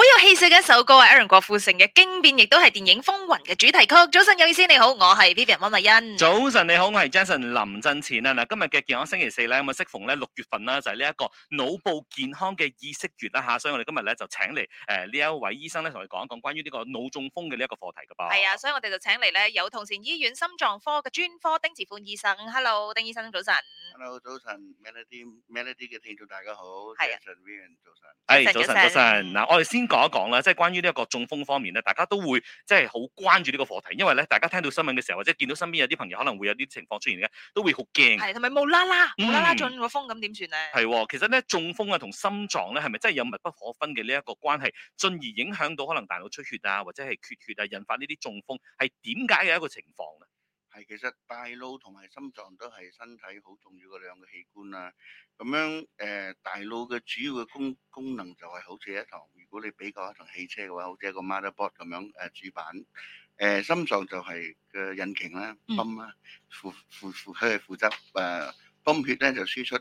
好有氣勢嘅一首歌係 Aaron 郭富城嘅《驚變》，亦都係電影《風雲》嘅主題曲。早晨，有意思，你好，我係 Vivian 汪麗欣。早晨，你好，我係 Jason 林振前啊！嗱，今日嘅健康星期四咧，咁啊，適逢咧六月份啦，就係呢一個腦部健康嘅意識月啦吓，所以我哋今日咧就請嚟誒呢一位醫生咧同佢講一講關於呢個腦中風嘅呢一個課題嘅噃。係啊，所以我哋就請嚟咧有同善醫院心臟科嘅專科丁慈煥醫生。Hello，丁醫生，早晨。Hello，早晨，Melody，Melody 嘅聽眾大家好。係啊。早晨，Vivian 早晨。誒，早晨，早晨。嗱，我哋先。講一講啦，即係關於呢一個中風方面咧，大家都會即係好關注呢個課題，因為咧大家聽到新聞嘅時候，或者見到身邊有啲朋友可能會有啲情況出現嘅，都會好驚。係同埋冇啦啦，冇啦啦中個風咁點算咧？係、嗯哦，其實咧中風啊同心臟咧係咪真係有密不可分嘅呢一個關係，進而影響到可能大腦出血啊，或者係缺血啊，引發呢啲中風，係點解嘅一個情況咧？其實大腦同埋心臟都係身體好重要嘅兩個器官啦，啊。咁樣，誒，大腦嘅主要嘅功功能就係好似一堂，如果你比較一台汽車嘅話，好似一個 motherboard 咁樣，誒，主板。誒，心臟就係嘅引擎啦，泵啦，負負負，佢係負責誒泵血咧，就輸出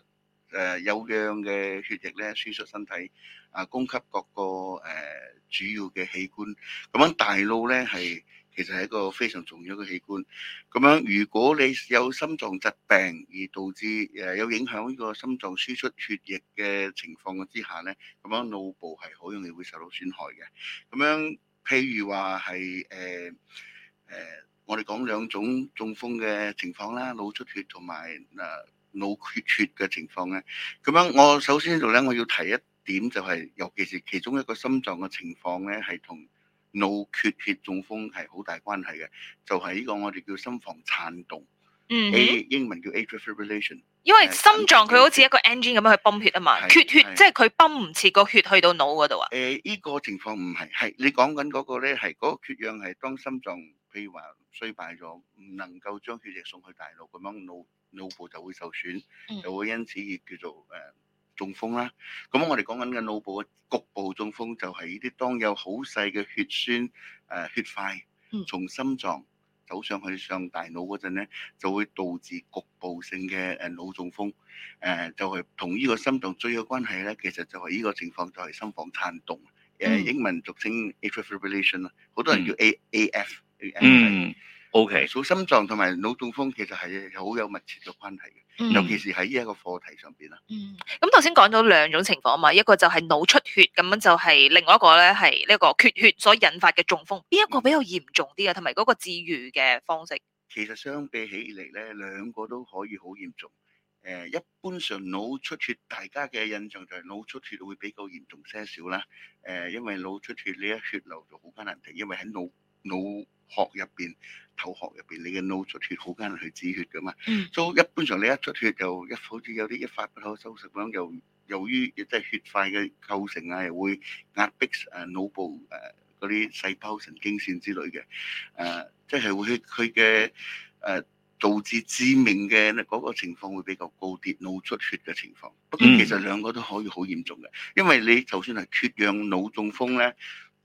誒有氧嘅血液咧，輸出身體啊，供給各個誒主要嘅器官。咁樣大呢，大腦咧，係。其實係一個非常重要嘅器官，咁樣如果你有心臟疾病而導致誒有影響呢個心臟輸出血液嘅情況之下咧，咁樣腦部係好容易會受到損害嘅。咁樣譬如話係誒誒，我哋講兩種中風嘅情況啦，腦出血同埋誒腦缺血嘅情況咧。咁樣我首先度咧，我要提一點就係，尤其是其中一個心臟嘅情況咧，係同。腦缺、no, 血中風係好大關係嘅，就係、是、呢個我哋叫心房顫動，誒、嗯、哼英文叫 atrial fibrillation。因為心臟佢好似一個 engine 咁樣去泵血啊嘛，缺是血是即係佢泵唔切個血去到腦嗰度啊。誒呢、呃這個情況唔係，係你講緊嗰個咧係嗰個缺氧係當心臟譬如話衰敗咗，唔能夠將血液送去大腦咁樣，腦腦部就會受損，嗯、就會因此而叫做誒。呃中風啦，咁我哋講緊嘅腦部局部中風，就係呢啲當有好細嘅血栓誒、呃、血塊從心臟走上去上大腦嗰陣咧，就會導致局部性嘅誒腦中風。誒、呃、就係同呢個心臟最有關係咧，其實就係呢個情況就係心房顫動。誒、嗯、英文俗稱 atrial fibrillation 啦，好多人叫 A、嗯、A F。嗯。O.K. 數心臟同埋腦中風其實係好有密切嘅關係嘅，嗯、尤其是喺呢一個課題上邊啦。嗯，咁頭先講咗兩種情況啊嘛，一個就係腦出血咁樣，就係另外一個咧係呢一個缺血，血所引發嘅中風。邊一個比較嚴重啲啊？同埋嗰個治癒嘅方式？嗯、其實相比起嚟咧，兩個都可以好嚴重。誒、呃，一般上腦出血大家嘅印象就係腦出血會比較嚴重些少啦。誒、呃，因為腦出血呢一血流就好翻難停，因為喺腦。腦殼入邊、頭殼入邊，你嘅腦出血好艱難去止血噶嘛？嗯，所以一般上你一出血就一，好似有啲一發不可收拾咁，又由，由於即係血塊嘅構成啊，又會壓迫誒腦部誒嗰啲細胞、神經線之類嘅誒，即、啊、係、就是、會佢嘅誒導致致命嘅嗰個情況會比較高啲，腦出血嘅情況。不過其實兩個都可以好嚴重嘅，因為你就算係缺氧腦中風咧。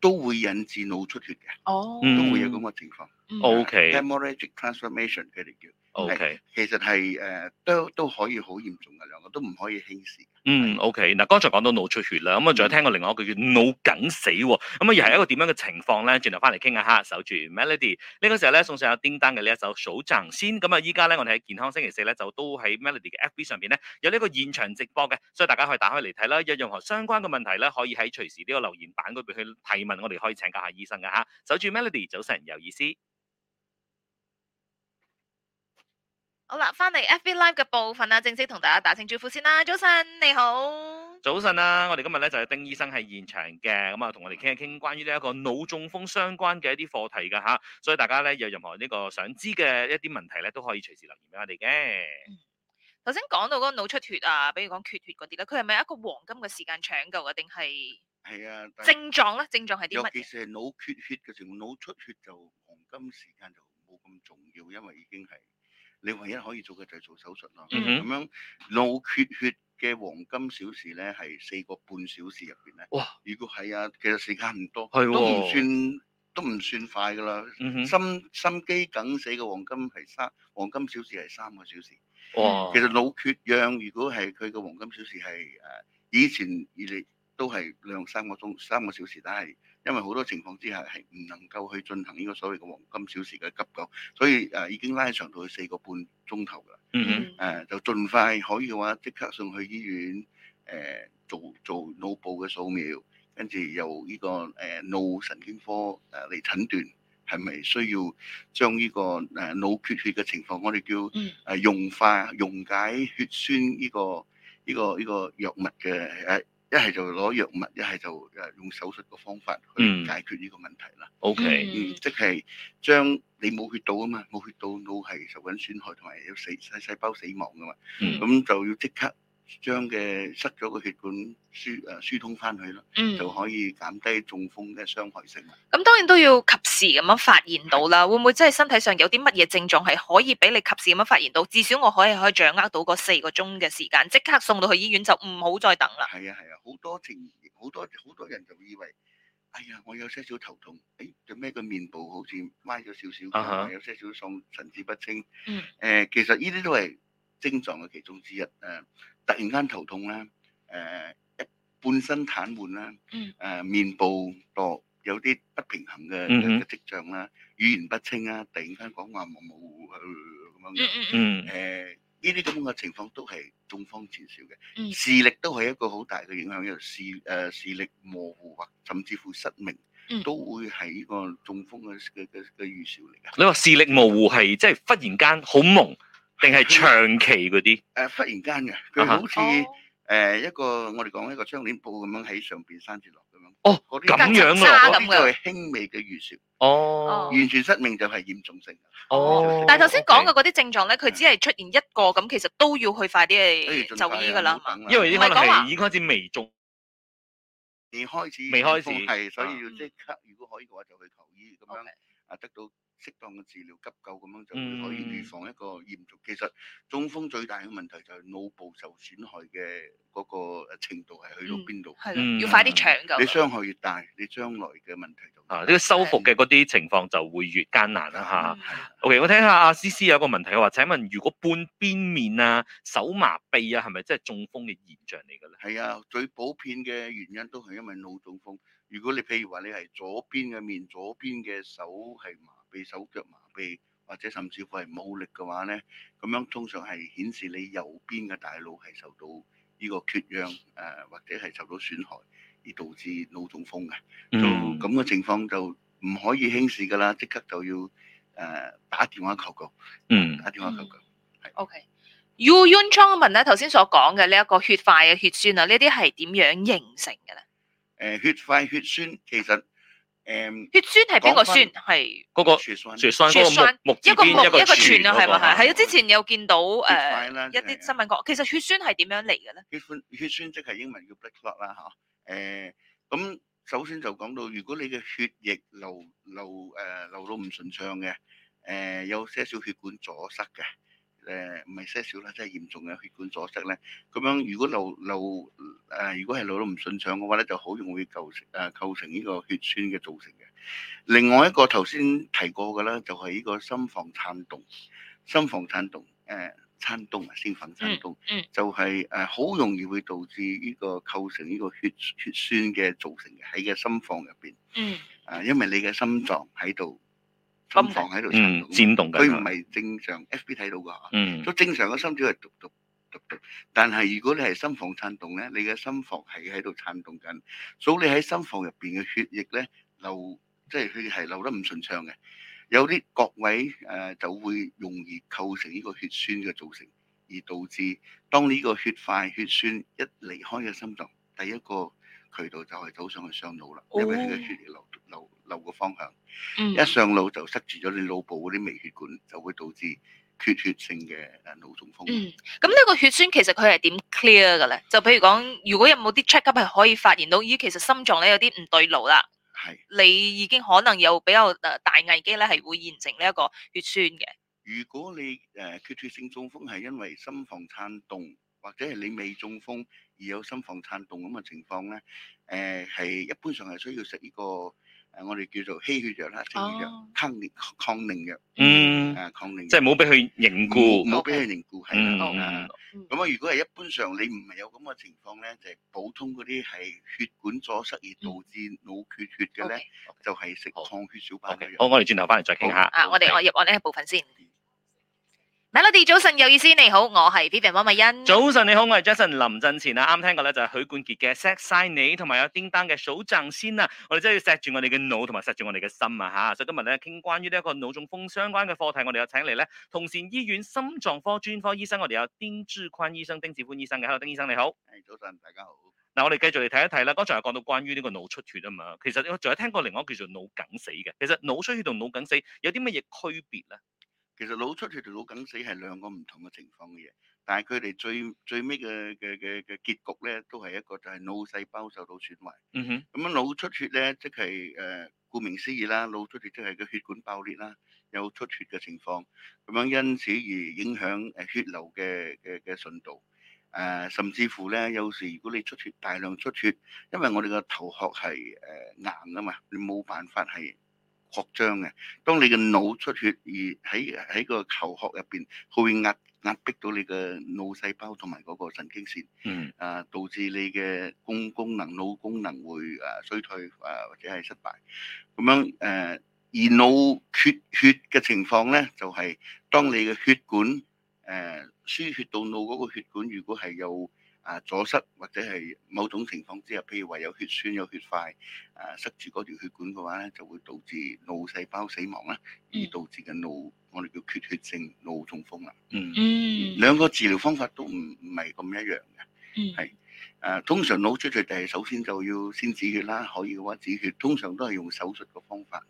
都會引致腦出血嘅，Oh. 都會有咁嘅情況。Oh, okay. okay. O Okay . K，其實係誒、呃、都都可以好嚴重嘅，兩個都唔可以輕視。嗯，O K，嗱，okay. 剛才講到腦出血啦，咁啊，仲有聽過另外一句叫腦梗死喎，咁、嗯、啊，嗯、又係一個點樣嘅情況咧？轉頭翻嚟傾一下，守住 Melody，呢個時候咧送上有叮噹嘅呢一首數賺先。咁啊，依家咧我哋喺健康星期四咧就都喺 Melody 嘅 F B 上邊咧有呢個現場直播嘅，所以大家可以打開嚟睇啦。有任何相關嘅問題咧，可以喺隨時呢個留言版嗰邊去提問，我哋可以請教下醫生嘅嚇。守住 Melody，早晨有意思。好啦，翻嚟 FB Live 嘅部分啦，正式同大家打聲招呼先啦。早晨，你好，早晨啦、啊。我哋今日咧就係、是、丁醫生喺現場嘅，咁啊同我哋傾一傾關於呢一個腦中風相關嘅一啲課題噶吓，所以大家咧有任何呢個想知嘅一啲問題咧，都可以隨時留言俾我哋嘅。頭先講到嗰個腦出血啊，比如講缺血嗰啲咧，佢係咪一個黃金嘅時間搶救啊？定係係啊症狀呢，症狀咧，症狀係啲乜嘢？其實係腦缺血嘅情況，腦出血就黃金時間就冇咁重要，因為已經係。你唯一可以做嘅就係做手術咯，咁、mm hmm. 樣腦缺血嘅黃金小時咧係四個半小時入邊咧。哇！如果係啊，其實時間唔多，哦、都唔算都唔算快㗎啦、mm hmm.。心心肌梗死嘅黃金係三黃金小時係三個小時。哇！其實腦缺氧，如果係佢嘅黃金小時係誒，以前以嚟都係兩三個鐘三個小時，但係。因為好多情況之下係唔能夠去進行呢個所謂嘅黃金小時嘅急救，所以誒、啊、已經拉長到去四個半鐘頭啦。嗯嗯、mm hmm. 啊。就盡快可以嘅話，即刻送去醫院誒、啊、做做腦部嘅掃描，跟住由呢、這個誒腦、uh, 腦、神經科誒嚟診斷係咪需要將呢、這個誒腦缺血嘅情況，我哋叫誒、啊、溶化溶解血栓呢、這個呢、這個呢、這個這個藥物嘅誒。一係就攞藥物，一係就誒用手術個方法去解決呢個問題啦。OK，嗯，即係將你冇血到啊嘛，冇血到腦係受緊損害同埋要細細細胞死亡噶嘛，咁，嗯，就要即刻。將嘅塞咗個血管疏，誒、疏通翻去咯，嗯，就可以減低中風嘅傷害性。咁，嗯，當然都要及時咁樣發現到啦。係啊會唔會真係身體上有啲乜嘢症狀係可以俾你及時咁樣發現到？至少我可以可以掌握到嗰四個鐘嘅時間，即刻送到去醫院就唔好再等啦。係啊係啊，好多情，好多好多人就以為，哎呀，我有些少頭痛，誒、哎，做咩個面部好似歪咗少少，uh huh. 有些少喪神志不清。誒、嗯，其實呢啲都係症狀嘅其中之一誒。突然間頭痛啦，誒、呃、一半身癱瘓啦，誒、呃、面部落有啲不平衡嘅跡象啦，mm hmm. 語言不清啊，突然間講話模模糊糊咁樣嘅，誒、呢啲咁嘅情況都係中風前兆嘅，mm hmm. 視力都係一個好大嘅影響嘅，如視誒、呃、視力模糊或甚至乎失明，都會係呢個中風嘅嘅嘅嘅預兆嚟嘅。你話視力模糊係即係忽然間好朦？定係長期嗰啲？誒，忽然間嘅，佢好似誒一個我哋講一個窗簾布咁樣喺上邊生住落咁樣。哦，啲，咁樣啊，沙咁嘅。輕微嘅預兆。哦。完全失明就係嚴重性。哦。但係頭先講嘅嗰啲症狀咧，佢只係出現一個，咁其實都要去快啲去就醫㗎啦。因為可能係已經開始微中。未開始。未開始。係，所以要即刻，如果可以嘅話，就去求醫咁樣啊，得到。適當嘅治療急救咁樣就可以預防一個嚴重。嗯、其實中風最大嘅問題就係腦部受損害嘅嗰個程度係去到邊度？係、嗯嗯、要快啲搶救、嗰個。你傷害越大，你將來嘅問題就大啊，呢啲修復嘅嗰啲情況就會越艱難啦。嚇、嗯啊、，OK，我聽下阿思思有個問題，我話請問，如果半邊面啊、手麻痹啊，係咪真係中風嘅現象嚟㗎咧？係啊，最普遍嘅原因都係因為腦中風。如果你譬如話你係左邊嘅面、左邊嘅手係麻。被手腳麻痹或者甚至乎係冇力嘅話咧，咁樣通常係顯示你右邊嘅大腦係受到呢個缺氧誒、呃，或者係受到損害而導致腦中風嘅。嗯、就咁嘅情況就唔可以輕視噶啦，即刻就要誒打電話求救。嗯、呃，打電話求救。係、嗯。O K，Yuan o Chang 問，咧頭先所講嘅呢一個血塊嘅血栓啊，呢啲係點樣形成嘅咧？誒、呃，血塊血栓其實。誒，血栓係邊個栓？係嗰個血栓，一個木一個全啊，係咪？係啊，之前有見到誒，一啲新聞講，其實血栓係點樣嚟嘅咧？血血栓即係英文叫 blood clot 啦，吓。誒，咁首先就講到，如果你嘅血液流流誒流到唔順暢嘅，誒有些少血管阻塞嘅。誒唔係些少啦，即係嚴重嘅血管阻塞咧。咁樣如果流流誒、啊，如果係流到唔順暢嘅話咧，就好容易會構成誒、啊、構成呢個血栓嘅造成嘅。另外一個頭先提過嘅啦，就係、是、呢個心房顫動，心房顫動誒，顫動啊，心房顫動，動嗯嗯、就係誒好容易會導致呢個構成呢個，個血血栓嘅造成嘅喺個心房入邊，嗯，誒，因為你嘅心臟喺度。嗯嗯心房喺度顫動緊，佢唔係正常。 FB 睇到㗎，嗯、都正常嘅心跳係嘟嘟嘟嘟，但係如果你係心房顫動咧，你嘅心房係喺度顫動緊，所以你喺心房入邊嘅血液咧流，即係佢係流得唔順暢嘅。有啲角位誒、呃、就會容易構成呢個血栓嘅造成，而導致當呢個血塊血栓一離開嘅心臟，第一個渠道就係走上去傷腦啦，因為你嘅血液流流。舊嘅方向，嗯、一上腦就塞住咗你腦部嗰啲微血管，就會導致缺血性嘅腦中風。咁呢、嗯、個血栓其實佢係點 clear 嘅咧？就譬如講，如果有冇啲 checkup 係可以發現到，咦，其實心臟咧有啲唔對路啦，係是你已經可能有比較誒大危機咧，係會形成呢一個血栓嘅。如果你誒缺血性中風係因為心房顫動，或者係你未中風而有心房顫動咁嘅情況咧，誒、呃、係一般上係需要食呢個。誒，我哋叫做稀血藥啦，清血藥、抗抗凝藥，嗯，啊抗凝，即係唔好俾佢凝固，唔好俾佢凝固係啊。咁啊，如果係一般上你唔係有咁嘅情況咧，就係普通嗰啲係血管阻塞而導致腦缺血嘅咧，就係食抗血小板嘅藥。好，我哋轉頭翻嚟再傾下。啊，我哋我入我呢一部分先。Melody 早晨有意思，你好，我係 Vivian 温美欣。早晨你好，我係 Jason 林振前啊，啱聽過咧就係許冠傑嘅《錫曬你》，同埋有叮當嘅《數掙先》啊，我哋真係要錫住我哋嘅腦，同埋錫住我哋嘅心啊吓，所以今日咧傾關於呢一個腦中風相關嘅課題，我哋有請嚟咧同善醫院心臟科專科醫生，我哋有丁志坤醫生、丁志寬醫生嘅，Hello 丁醫生你好。誒，早晨大家好。嗱，我哋繼續嚟睇一睇啦，剛才有講到關於呢個腦出血啊嘛，其實我仲有聽過另外一個叫做腦梗,梗死嘅，其實腦出血同腦梗死有啲乜嘢區別咧？其實腦出血腦同腦梗死係兩個唔同嘅情況嘅嘢，但係佢哋最最尾嘅嘅嘅嘅結局咧，都係一個就係腦細胞受到損壞。嗯哼、mm，咁、hmm. 樣，腦出血咧，即係誒，顧名思義啦，腦出血即係個血管爆裂啦，有出血嘅情況，咁樣因此而影響誒血流嘅嘅嘅順度。誒、啊，甚至乎咧，有時如果你出血大量出血，因為我哋個頭殼係誒硬啊嘛，你冇辦法係。擴張嘅，當你嘅腦出血而喺喺個球殼入邊，會壓壓迫到你嘅腦細胞同埋嗰個神經線，嗯啊，導致你嘅功功能腦功能會啊衰退啊或者係失敗，咁樣誒、啊、而腦缺血嘅情況咧，就係、是、當你嘅血管誒、啊、輸血到腦嗰個血管，如果係有。啊阻塞或者係某種情況之下，譬如話有血栓有血塊，啊塞住嗰條血管嘅話咧，就會導致腦細胞死亡啦，而、嗯、導致嘅腦我哋叫缺血性腦中風啦、嗯。嗯，兩個治療方法都唔唔係咁一樣嘅。嗯，係、啊、通常腦出血就係首先就要先止血啦，可以嘅話止血，通常都係用手術嘅方法，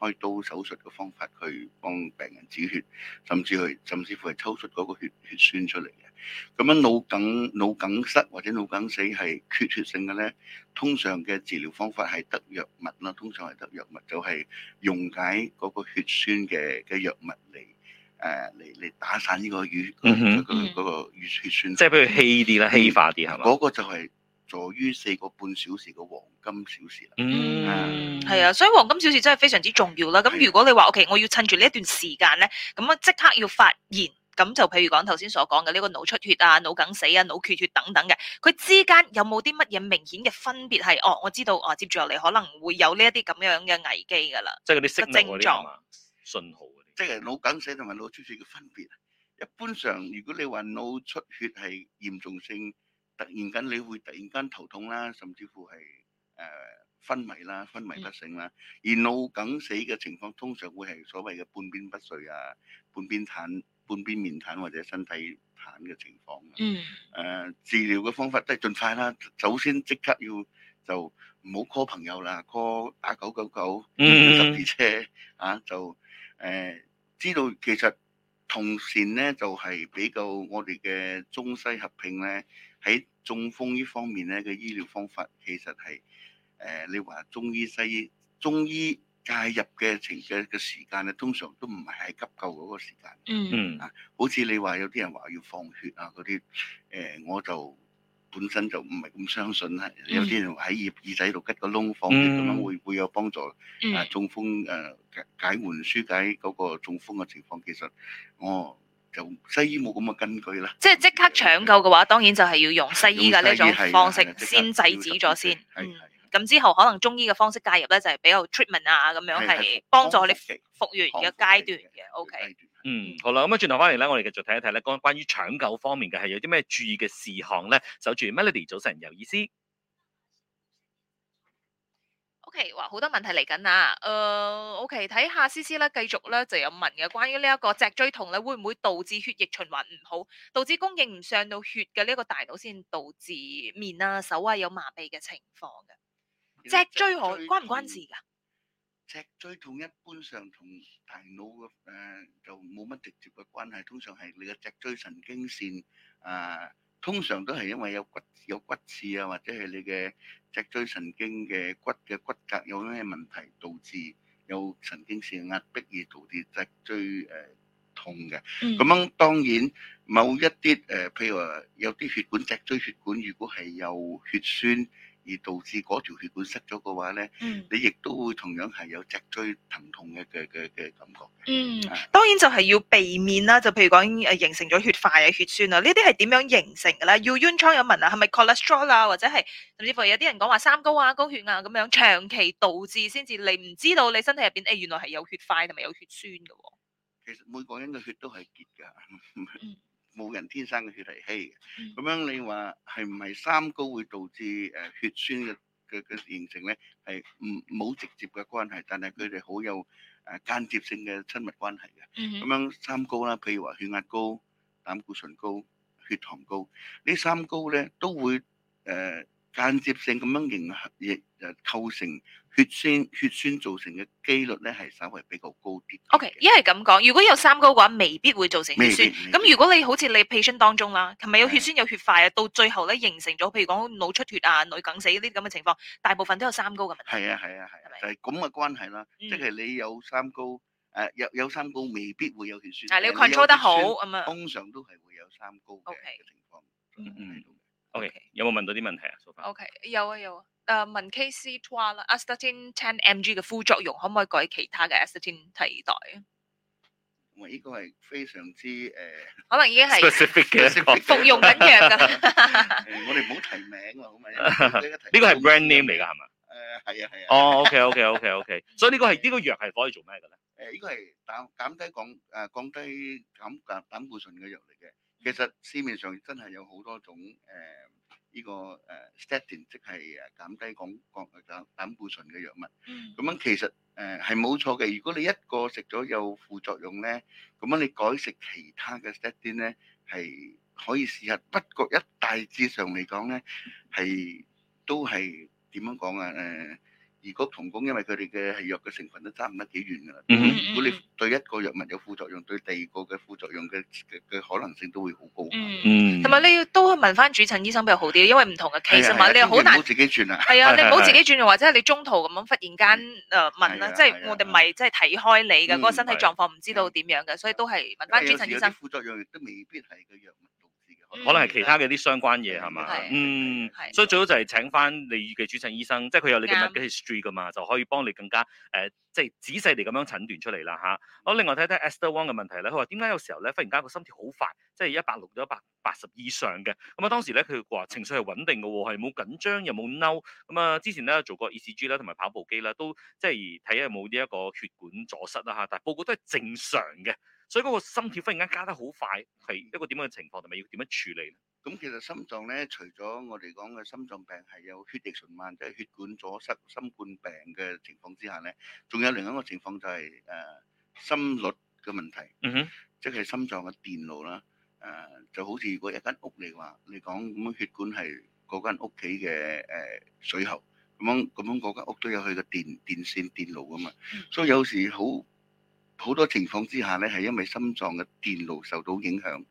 開刀手術嘅方法去幫病人止血，甚至去甚至乎係抽出嗰個血血栓出嚟嘅。咁樣腦梗、腦梗塞或者腦梗死係缺血性嘅咧，通常嘅治療方法係得藥物啦，通常係得藥物就係、是、溶解嗰個血栓嘅嘅藥物嚟，誒嚟嚟打散呢個瘀、嗯嗯嗯啊那個血栓。嗯、即係譬如稀啲啦，稀化啲係嘛？嗰、嗯、嗎個就係助於四個半小時嘅黃金小時啦。嗯，係、嗯、啊，所以黃金小時真係非常之重要啦。咁如果你話 O K，我要趁住呢一段時間咧，咁啊即刻要發現。咁就譬如講頭先所講嘅呢個腦出血啊、腦梗死啊、腦缺血等等嘅，佢之間有冇啲乜嘢明顯嘅分別？係哦，我知道哦，接住落嚟可能會有呢一啲咁樣嘅危機噶啦，即係嗰啲症狀、信號嗰啲。即係腦梗死同埋腦出血嘅分別，一般上如果你話腦出血係嚴重性，突然間你會突然間頭痛啦，甚至乎係誒昏迷啦、昏迷不醒啦。嗯、而腦梗死嘅情況通常會係所謂嘅半邊不遂啊、半邊癱。半邊面癱或者身體癱嘅情況，誒、mm. 呃、治療嘅方法都係盡快啦。首先即刻要就唔好 call 朋友啦，call 打九九九，搭的士車啊，就誒知道其實同善咧就係、是、比較我哋嘅中西合併咧喺中風呢方面咧嘅醫療方法，其實係誒、呃、你話中醫西醫，中醫。介入嘅情緒嘅時間咧，通常都唔係喺急救嗰個時間。嗯嗯，啊，好似你話有啲人話要放血啊嗰啲，誒、欸，我就本身就唔係咁相信啦。Mm. 有啲人喺耳耳仔度吉個窿放血咁樣，mm. 會會有幫助？啊，中風誒、啊、解，解緩舒解嗰個中風嘅情況，其實我就西醫冇咁嘅根據啦。即係即刻搶救嘅話，嗯、當然就係要用西醫嘅呢種方式先的制止咗先。係、嗯咁之後可能中醫嘅方式介入咧，就係比較 treatment 啊咁樣，係幫助你復原嘅階段嘅。OK，嗯，好啦，咁啊轉頭翻嚟咧，我哋繼續睇一睇咧關關於搶救方面嘅係有啲咩注意嘅事項咧。守住 Melody 早晨，有意思。OK，哇，好多問題嚟緊啊。誒，OK，睇下 C C 啦，繼續咧就有問嘅，關於呢一個脊椎痛咧，會唔會導致血液循環唔好，導致供應唔上到血嘅呢一個大腦先導致面啊手啊有麻痹嘅情況嘅？脊椎好關唔關事㗎？脊椎痛一般上同大腦嘅，誒就冇乜直接嘅關係，通常係你嘅脊椎神經綫啊，通常都係因為有骨有骨刺啊，或者係你嘅脊椎神經嘅骨嘅骨骼有咩問題，導致有神經綫壓迫而導致脊椎誒、啊、痛嘅。咁樣當然某一啲誒、啊，譬如話有啲血管，脊椎血管如果係有血栓。而導致嗰條血管塞咗嘅話咧，嗯、你亦都會同樣係有脊椎疼痛嘅嘅嘅嘅感覺。嗯，啊、當然就係要避免啦。就譬如講誒，形成咗血塊血啊、血栓啊，呢啲係點樣形成嘅咧？要冤窗有紋啊，係咪 cholesterol 啊，或者係甚至乎有啲人講話三高啊、高血壓咁樣長期導致先至，你唔知道你身體入邊誒原來係有血塊同埋有血栓㗎喎。其實每個人嘅血都係結㗎。 嗯冇人天生嘅血嚟稀嘅，咁樣你話係唔係三高會導致誒血栓嘅嘅嘅形成咧？係唔冇直接嘅關係，但係佢哋好有誒間接性嘅親密關係嘅。咁、mm hmm. 樣三高啦，譬如話血壓高、膽固醇高、血糖高，呢三高咧，都會誒間接性咁樣形成亦誒構成。血酸，血栓造成嘅機率咧係稍微比較高啲。O K，因為咁講，如果有三高嘅話，未必會造成血栓。咁如果你好似你 patient 當中啦，係咪有血栓、有血塊啊？到最後咧形成咗，譬如講腦出血啊、腦梗死呢啲咁嘅情況，大部分都有三高嘅問題。係啊係啊係。係咁嘅關係啦，嗯、即係你有三高，誒、呃、有有三高未必會有血栓。啊，你要 control 得好咁啊。嗯、通常都係會有三高嘅情況。Okay 嗯，嗯。O、okay, K，有冇問到啲問題啊？O K，有啊有啊。有啊有啊。誒，問 K C two 啦，阿 statin ten mg 嘅副作用可唔可以改其他嘅 statin 替代啊？我呢個係非常之誒，可能已經係 specific 嘅一個服用緊藥噶。我哋唔好提名啊，好唔好？呢個係 brand name 嚟噶係嘛？誒，係啊，係啊。哦，OK，OK，OK，OK。所以呢個係呢個藥係可以做咩嘅咧？誒，呢個係減降低降誒降低膽膽膽固醇嘅藥嚟嘅。其實市面上真係有好多種誒。呢個誒 statin 即係誒減低講降膽膽固醇嘅藥物，咁樣、嗯、其實誒係冇錯嘅。如果你一個食咗有副作用咧，咁樣你改食其他嘅 statin 咧係可以試下，不過一大致上嚟講咧係都係點樣講啊誒？如果同工，因為佢哋嘅係藥嘅成分都差唔多幾遠噶啦。如果你對一個藥物有副作用，對第二個嘅副作用嘅嘅可能性都會好高。嗯，同埋你要都去問翻主診醫生比較好啲，因為唔同嘅 case 嘛，你又好難自己轉啊。係啊，你唔好自己轉，或者你中途咁樣忽然間誒問啦，即係我哋咪即係睇開你嘅嗰個身體狀況，唔知道點樣嘅，所以都係問翻主診醫生。副作用亦都未必係個藥物。可能係其他嘅啲相關嘢係嘛？嗯，所以最好就係請翻你嘅主診醫生，的即係佢有你嘅 medical history 㗎嘛，就可以幫你更加誒、呃，即係仔細地咁樣診斷出嚟啦嚇。好，另外睇睇 Esther Wong 嘅問題咧，佢話點解有時候咧忽然間個心跳好快，即係一百六到一百八十以上嘅。咁啊當時咧佢話情緒係穩定嘅喎，係冇緊張又冇嬲。咁、嗯、啊之前咧做過 ECG 啦同埋跑步機啦，都即係睇下有冇呢一個血管阻塞啦嚇，但係報告都係正常嘅。所以嗰個心跳忽然間加得好快，係一個點樣嘅情況，同埋要點樣處理咧？咁其實心臟咧，除咗我哋講嘅心臟病係有血液循環，即係血管阻塞、心冠病嘅情況之下咧，仲有另一個情況就係誒心率嘅問題。嗯哼，即係心臟嘅電路啦。誒，就好似如果一間屋嚟話，你講咁樣血管係嗰間屋企嘅誒水喉，咁樣咁樣嗰間屋都有佢嘅電電線電路啊嘛。嗯。所以有時好。好多情況之下咧，係因為心臟嘅電路受到影響，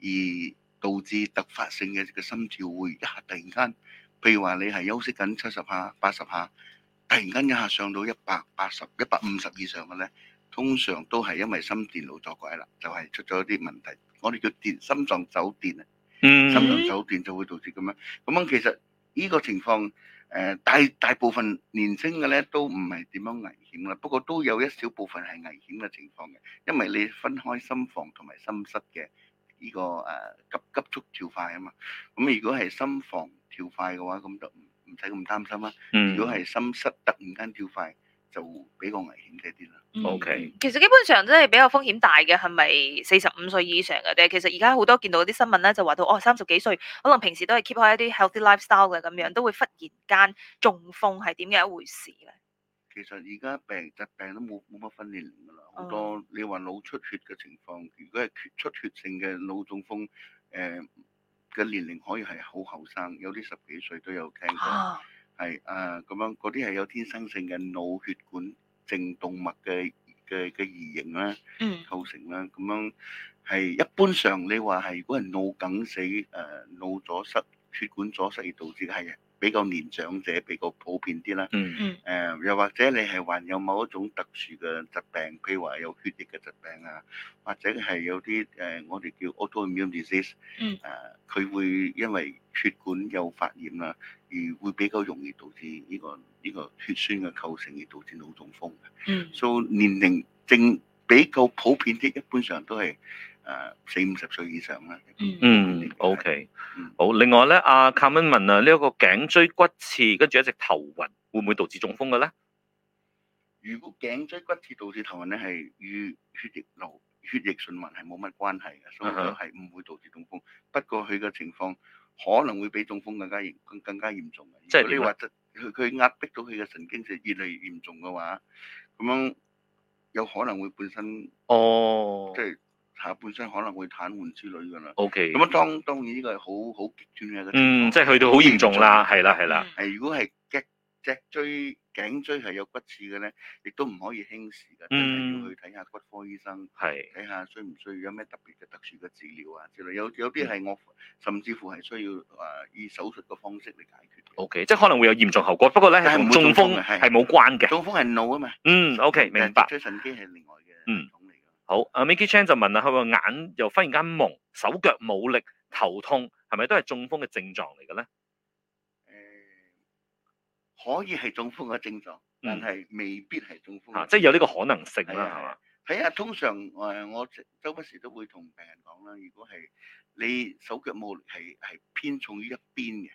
而導致突發性嘅個心跳會一下突然間，譬如話你係休息緊七十下、八十下，突然間一下上到一百八十、一百五十以上嘅咧，通常都係因為心電路作怪啦，就係出咗一啲問題。我哋叫電心臟走電啊，心臟走電就會導致咁樣。咁樣其實呢個情況。誒大大部分年輕嘅咧都唔係點樣危險啦，不過都有一小部分係危險嘅情況嘅，因為你分開心房同埋心室嘅呢、呢個誒、啊、急急速跳快啊嘛，咁如果係心房跳快嘅話，咁就唔唔使咁擔心啦。如果係心室突然間跳快。就比較危險嘅啲啦。OK，其實基本上都係比較風險大嘅係咪四十五歲以上嘅咧？其實而家好多見到啲新聞咧，就話到哦，三十幾歲可能平時都係 keep 開一啲 healthy lifestyle 嘅咁樣，都會忽然間中風係點樣一回事咧？其實而家病疾病都冇冇乜分年齡噶啦，好、嗯、多你話腦出血嘅情況，如果係血出血性嘅腦中風，誒、呃、嘅年齡可以係好後生，有啲十幾歲都有聽係啊，咁樣嗰啲係有天生性嘅腦血管靜動脈嘅嘅嘅異形啦，構成啦，咁樣係一般上你話係如果係腦梗死誒，腦阻塞，血管阻塞而導致嘅係比較年長者比較普遍啲啦嗯。嗯，誒、呃，又或者你係患有某一種特殊嘅疾病，譬如話有血液嘅疾病啊，或者係有啲誒、呃，我哋叫 autoimmune disease、呃。嗯。誒，佢會因為血管有發炎啊。而會比較容易導致呢、呢個呢、呢個血栓嘅構成，而導致腦中風嘅。嗯。所、so, 年齡正比較普遍啲，一般上都係誒四五十歲以上啦。嗯。嗯。O K。好。另外咧，阿卡文問啊，呢、呢、一個頸椎骨刺跟住一直頭暈，會唔會導致中風嘅咧？如果頸椎骨刺導致頭暈咧，係與血液流、血液循環係冇乜關係嘅，所以係唔會導致中風。嗯、 不過佢嘅情況。可能會比中風更加嚴更更加嚴重嘅。即如果你話佢佢壓迫到佢嘅神經就越嚟越嚴重嘅話，咁樣有可能會本身，哦、oh.，即係下半身可能會癱瘓之類嘅啦。O K，咁樣，當當然呢個係好好極端嘅一個情況，嗯，即係去到好嚴重啦，係啦，係啦。係、嗯、如果係激。脊椎、頸椎係有骨刺嘅咧，亦都唔可以輕視嘅，真係、嗯、要去睇下骨科醫生，睇是下需唔需要有咩特別嘅特殊嘅治療啊之類。有有啲係我、嗯、甚至乎係需要啊，以手術嘅方式嚟解決。O、okay, K，即係可能會有嚴重後果，不過咧係冇中風係，係冇關嘅。中風係腦啊嘛。嗯，O、okay, K，明白。即係神經係另外嘅種嚟嘅、嗯。好，阿 Micky Chan 就問啦，佢話眼又忽然間蒙，手腳冇力，頭痛，係咪都係中風嘅症狀嚟嘅咧？可以係中風嘅症狀，但係未必係中風。嚇、嗯，即係有呢個可能性啦，係嘛？係啊，通常誒、呃，我周不時都會同病人講啦。如果係你手腳冇力，係係偏重於一邊嘅，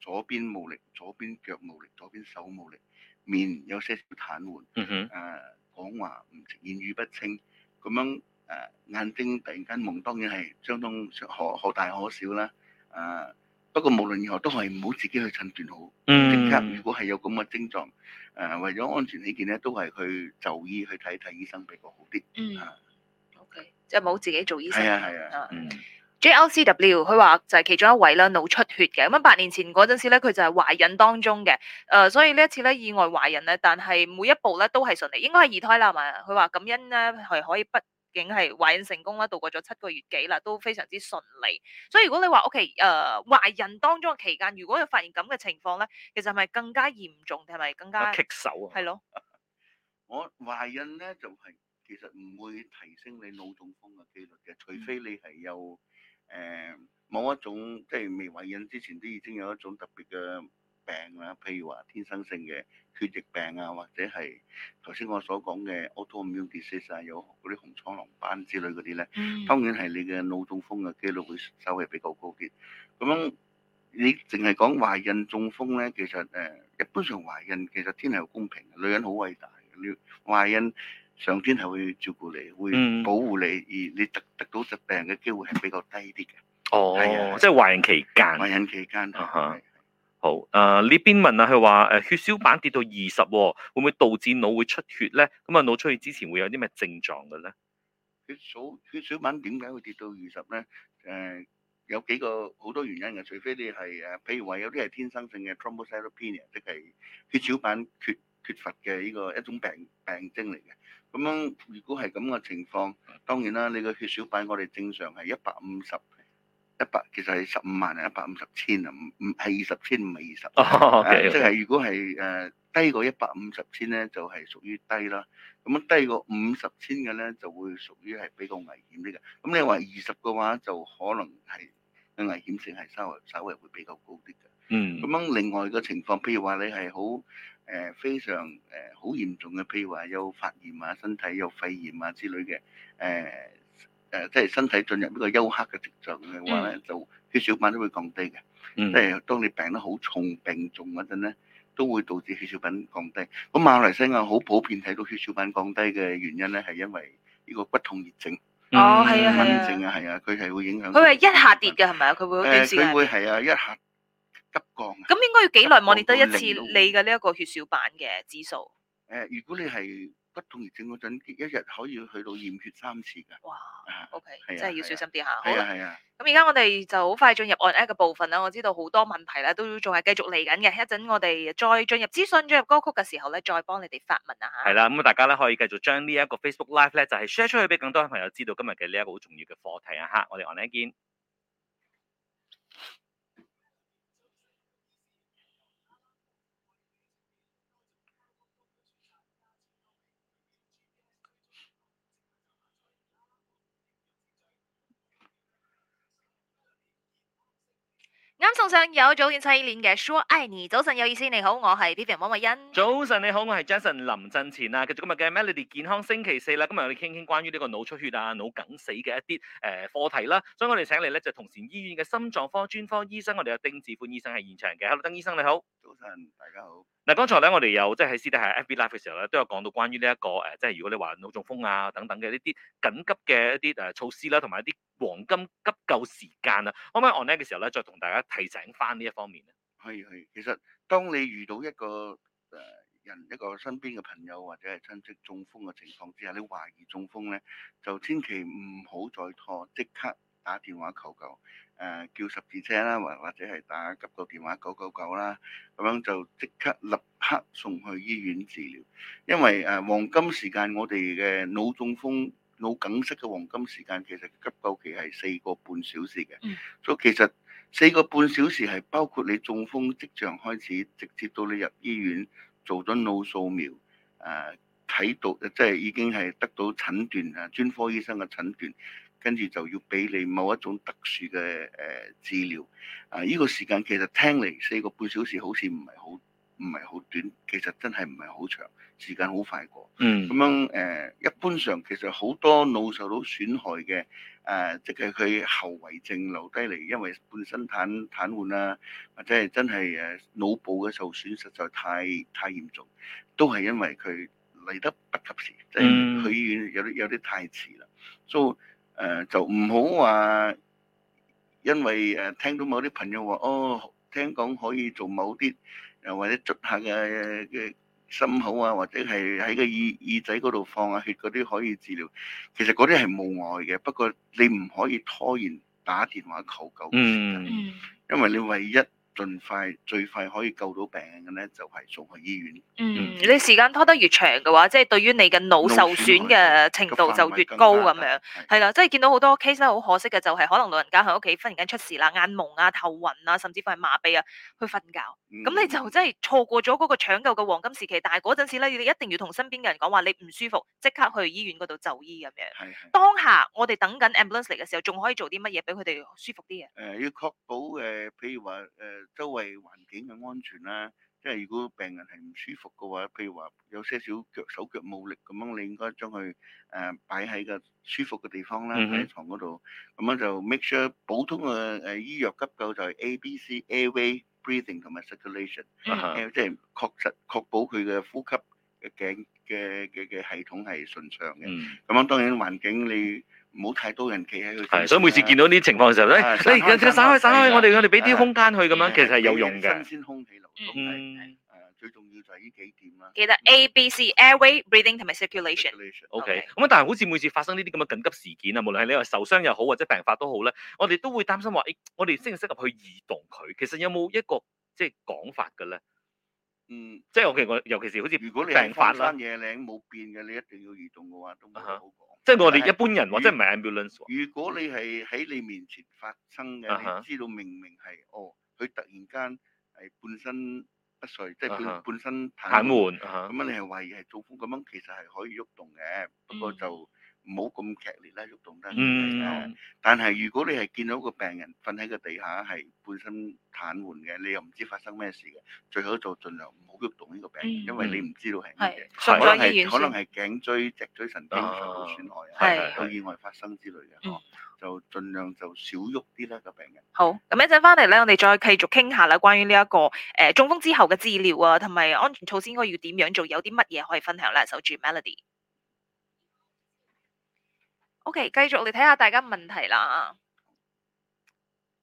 左邊冇力，左邊腳冇力，左邊手冇力，面有些少癱瘓，誒、嗯哼呃、講話唔言語不清，咁樣誒、呃、眼睛突然間蒙，當然係相當可可大可小啦，誒、呃。不過無論如何都係唔好自己去診斷好，嗯，即刻，如果係有咁嘅症狀，誒、呃，為咗安全起見咧，都係去就醫去睇睇醫生比較好啲，嗯、啊、OK，即係唔好自己做醫生，啊係啊，啊啊啊嗯，JLCW 佢話就係其中一位啦，腦出血嘅，咁八年前嗰陣時咧，佢就係懷孕當中嘅，誒、呃，所以呢一次咧意外懷孕咧，但係每一步咧都係順利，應該係二胎啦嘛，佢話感恩咧係可以不竟係懷孕成功啦，度過咗七個月幾啦，都非常之順利。所以如果你話，OK，誒、呃、懷孕當中嘅期間，如果有發現咁嘅情況咧，其實係咪更加嚴重定係咪更加棘手啊？係咯，我懷孕咧就係其實唔會提升你腦中風嘅幾率嘅，除非你係有誒、呃、某一種即係未懷孕之前都已經有一種特別嘅。病啊，譬如話天生性嘅血液病啊，或者係頭先我所講嘅 autoimmune disease 啊，有嗰啲紅斑狼瘡之類嗰啲咧。嗯。當然係你嘅腦中風嘅幾率會稍微比較高啲。咁樣你淨係講懷孕中風咧，其實誒、呃，一般上懷孕其實天係好公平嘅，女人好偉大嘅。你懷孕上天係會照顧你，會保護你，嗯、而你得得到疾病嘅機會係比較低啲嘅。哦，的即係懷孕期間。懷孕期間，吓。好，誒、啊、呢邊問啊，佢話誒血小板跌到二十，哦，會唔會導致腦會出血咧？咁啊，腦出血之前會有啲咩症狀嘅咧？血小血小板點解會跌到二十咧？誒、呃、有幾個好多原因嘅，除非你係誒，譬如話有啲係天生性嘅 t r o m b o c y l o p e n i a 即係血小板缺缺乏嘅呢個一種病病徵嚟嘅。咁樣如果係咁嘅情況，當然啦，你個血小板我哋正常係一百五十。一百其實係十五萬啊，一百五十千啊，唔唔係二十千，唔係二十。哦，即係如果係誒低過一百五十千咧，就係屬於低啦。咁樣低過五十千嘅咧，就會屬於係比較危險啲嘅。咁你話二十嘅話，就可能係嘅危險性係稍微稍微會比較高啲嘅。嗯。咁樣另外個情況，譬如話你係好誒非常誒好、呃、嚴重嘅，譬如話有發炎啊、身體有肺炎啊之類嘅誒。呃誒，即係身體進入呢個休克嘅跡象嘅話咧，嗯、就血小板都會降低嘅。嗯、即係當你病得好重、病重嗰陣咧，都會導致血小板降低。咁馬來西亞好普遍睇到血小板降低嘅原因咧，係因為呢個骨痛熱症。嗯、哦，係啊小。炎症啊，係啊，佢係會影響。佢係一下，下跌嘅係咪啊？佢會嗰時佢會係啊，一下急降。咁、嗯、應該要幾耐？望你得一次你嘅呢一個血小板嘅指數。誒，如果你係。骨痛熱症嗰陣，一一日可以去到驗血三次㗎。啊、哇，OK、啊、真係要小心啲嚇。好啊，係啊，咁而家我哋就好快進入 on air 嘅部分啦。我知道好多問題咧都仲係繼續嚟緊嘅。一陣我哋再進入資訊，進入歌曲嘅時候咧，再幫你哋發問啊嚇。係，嗯、啦，咁啊大家咧可以繼續將呢一個 Facebook Live 咧就係 share 出去俾更多嘅朋友知道今日嘅呢一個好重要嘅課題啊嚇。我哋 on air 見。啱、嗯、送上有早年蔡依林嘅 s h o r Annie，早晨有意思，你好，我係 Peter 黃慧欣。早晨你好，我係 Jason 林振前啊。繼續今日嘅 Melody 健康星期四啦，今日我哋傾傾關於呢個腦出血啊、腦梗死嘅一啲誒課題啦。所以我哋請嚟咧就同善醫院嘅心臟科專科醫生，我哋有丁志冠醫生係現場嘅。Hello，丁醫生你好。早晨，大家好。嗱，剛才咧我哋有即係喺私底下 F B Live 嘅時候咧，都有講到關於呢、這、一個誒，即、就、係、是、如果你話腦中風啊等等嘅呢啲緊急嘅一啲誒措施啦，同埋一啲。黃金急救時間啊！可唔可以 o 呢嘅時候咧，再同大家提醒翻呢一方面啊？係，係，其實當你遇到一個誒人一個身邊嘅朋友或者係親戚中風嘅情況之下，你懷疑中風咧，就千祈唔好再拖，即刻打電話求救，誒叫十字車啦，或或者係打急救電話九九九啦，咁樣就即刻立刻送去醫院治療，因為誒黃金時間我哋嘅腦中風。腦梗塞嘅黃金時間其實急救期係四個半小時嘅，嗯、所以其實四個半小時係包括你中風即將開始，直接到你入醫院做咗腦掃描，啊睇到即係已經係得到診斷啊，專科醫生嘅診斷，跟住就要俾你某一種特殊嘅誒、呃、治療，啊、呃、依、呢個時間其實聽嚟四個半小時好似唔係好。唔係好短，其實真係唔係好長，時間好快過。咁、嗯、樣誒、呃，一般上其實好多腦受到損害嘅，誒、呃，即係佢後遺症留低嚟，因為本身癱癱瘓啊，或者係真係誒、呃、腦部嘅受損實在太太嚴重，都係因為佢嚟得不及時，即係去醫院有啲有啲太遲啦，嗯、所以誒、呃、就唔好話，因為誒、呃、聽到某啲朋友話哦，聽講可以做某啲。又或者捽下嘅嘅心口啊，或者係喺個耳耳仔嗰度放下、啊、血嗰啲可以治療，其實嗰啲係無礙嘅。不過你唔可以拖延打電話求救，嗯，因為你唯一。盡快最快可以救到病嘅咧，就係送去醫院。嗯，嗯，你時間拖得越長嘅話，即係對於你嘅腦受損嘅程度就越高咁樣。係啦的，的即係見到好多 case 咧，好可惜嘅就係可能老人家喺屋企忽然間出事啦，眼蒙啊、頭暈啊，甚至乎係麻痹啊，去瞓覺。咁、嗯、你就真係錯過咗嗰個搶救嘅黃金時期。但係嗰陣時咧，你一定要同身邊嘅人講話，你唔舒服，即刻去醫院嗰度就醫咁樣。係係。當下我哋等緊 ambulance 嚟嘅時候，仲可以做啲乜嘢俾佢哋舒服啲嘅？誒，的要確保誒，譬、呃、如話誒。呃周圍環境嘅安全啦，啊，即係如果病人係唔舒服嘅話，譬如話有些少腳手腳冇力咁樣，你應該將佢誒、呃、擺喺個舒服嘅地方啦，喺床嗰度，咁、mm hmm. 樣就 make sure 普通嘅誒醫藥急救就係 ABC、mm hmm. Airway breathing 同埋 circulation，uh huh. 呃、即係確實確保佢嘅呼吸嘅頸嘅嘅嘅系統係順暢嘅，咁、mm hmm. 樣當然環境你。唔好太多人企喺度，係，所以每次見到呢啲情況嘅時候咧，你你散開，散開，我哋我哋俾啲空間去咁樣，其實係有用嘅。新鮮空氣流通，嗯，係啊，最重要就係呢幾點啦。記得 A、B、C、Airway、Breathing 同埋 Circulation。O.K. 咁啊，但係好似每次發生呢啲咁嘅緊急事件啊，無論係你話受傷又好，或者病發都好咧，我哋都會擔心話，誒，我哋適唔適合去移動佢？其實有冇一個即係講法嘅咧？嗯，即係我其實，尤其是好似病發啦，山野嶺冇變嘅，你一定要移動嘅話，都唔好講。即係我哋一般人，如或者唔係 ambulance。如果你係喺你面前發生嘅，uh huh. 你知道明明係哦，佢突然間係半身不遂，uh huh. 即係半半身癱瘓。咁樣、uh huh. 你係懷疑係中風咁樣，其實係可以喐動嘅，uh huh. 不過就。Uh huh. 唔好咁劇烈咧，喐動得。嗯，但係如果你係見到個病人瞓喺個地下，係半身癱瘓嘅，你又唔知發生咩事嘅，最好就盡量唔好喐動呢個病人，嗯、因為你唔知道係乜嘢。可能係的頸椎、的脊椎神經受到損害啊，有的意外發生之類嘅，嗯、就盡量就少喐啲啦個病人。好，咁一陣翻嚟咧，我哋再繼續傾下啦，關於呢、這、一個誒中風之後嘅治療啊，同埋安全措施應該要點樣做，有啲乜嘢可以分享咧？守住 Melody。OK，繼續我睇下大家問題啦。